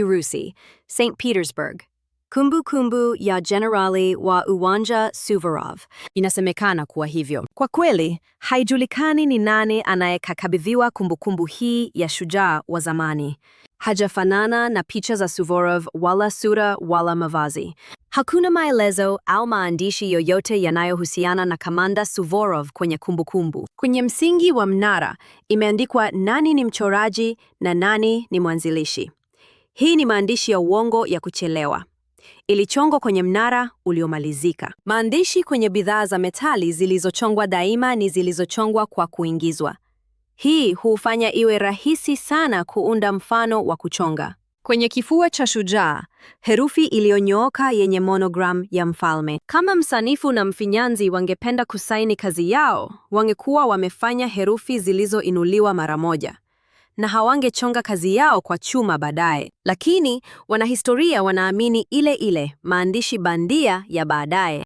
Urusi, St. Petersburg. Kumbukumbu ya Generali wa Uwanja Suvorov. Inasemekana kuwa hivyo. Kwa kweli, haijulikani ni nani anayekakabidhiwa kumbukumbu hii ya shujaa wa zamani. Hajafanana na picha za Suvorov wala sura wala mavazi. Hakuna maelezo au maandishi yoyote yanayohusiana na kamanda Suvorov kwenye kumbukumbu. Kwenye msingi wa mnara imeandikwa nani ni mchoraji na nani ni mwanzilishi. Hii ni maandishi ya uongo ya kuchelewa. Ilichongwa kwenye mnara uliomalizika. Maandishi kwenye bidhaa za metali zilizochongwa daima ni zilizochongwa kwa kuingizwa. Hii hufanya iwe rahisi sana kuunda mfano wa kuchonga. Kwenye kifua cha shujaa, herufi iliyonyooka yenye monogram ya mfalme. Kama msanifu na mfinyanzi wangependa kusaini kazi yao, wangekuwa wamefanya herufi zilizoinuliwa mara moja na hawangechonga kazi yao kwa chuma baadaye. Lakini wanahistoria wanaamini ile ile maandishi bandia ya baadaye.